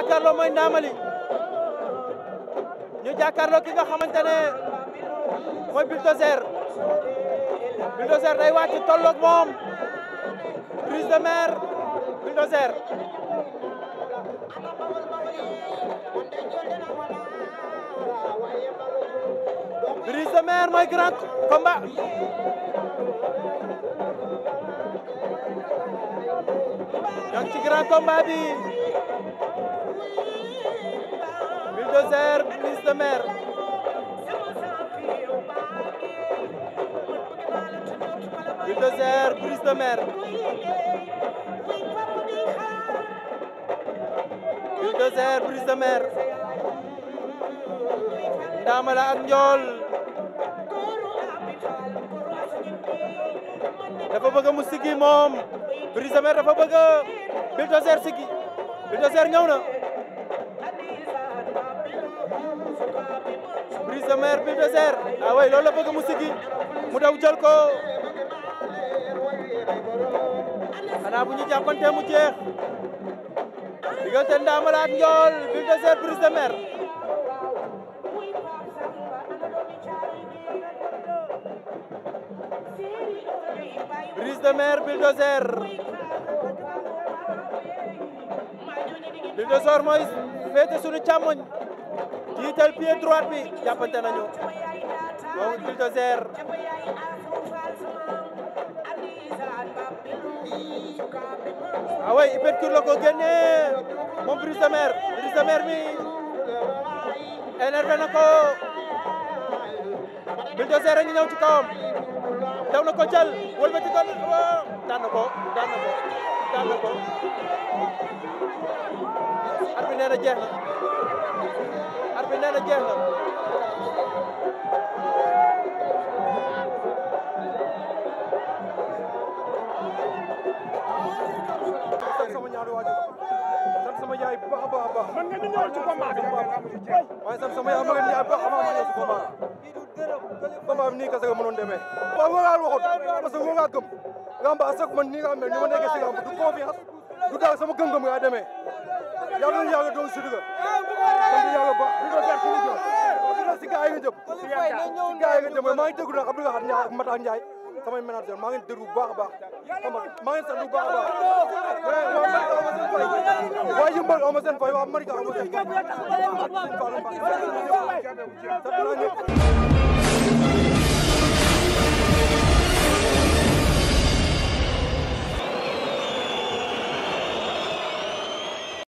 jàkkaarloo mooy Ndamali ñu jàkkaarloo ki nga xamante ne mooy Bulldozer Bulldozer day wàcc tolloog moom brise de mer Bulldozer brise de mer mooy grand combat ci grand combat bi Bulldozer Brise de Mer Bulldozer Brise de ak Ndiol dafa bëgg mu siggi moom Brise de Mer Bulldozer sigi Bulldozer ñëw na Brise de Mer Bulldozer ah way loolu la bëgg mu sigi mu daw jël ko xanaa bu ñu jàppante mu jeex diggante Ndamala ak Ndiol Bulldozer Brise de Mer Brise de Mer Bulldozer Ligne de Sor mooy féete suñu càmmoñ jiital droit bi jàppante nañu moom Ligne de Sor ah oui la ko génnee moom Brise de bi énervé na ko Bulldozer a ngi ci kawam. daw na ko jël wëlbati ko daan na ko daan na ko daan na ko ar bi nee na jeex na ar bi nee na jeex na yaay bu baax a baax a baax man nga ñu ñëwal ci combat bi waaye sama yaay ma nga ñëw bu baax a baax combat ni nii kese nga mënoon demee waaw nga laal waxoon parce que nga ngaa gëm lamba à chaque man nii nga mel ni ma nekkee si lamba du confiance du daal sama gëm-gëm ngaa demee yàlla na yàlla doon sudu ga sant yàlla ba ñu doon gerte ñu jëm si a yi nga jëm si gars yi nga jëm maa ngi déglu nag Abdou Lahad maa ngi déglu baax a baax xam nga maa ngi sant bu baax a baax waaye yëmbal fay waa Marika ama seen fay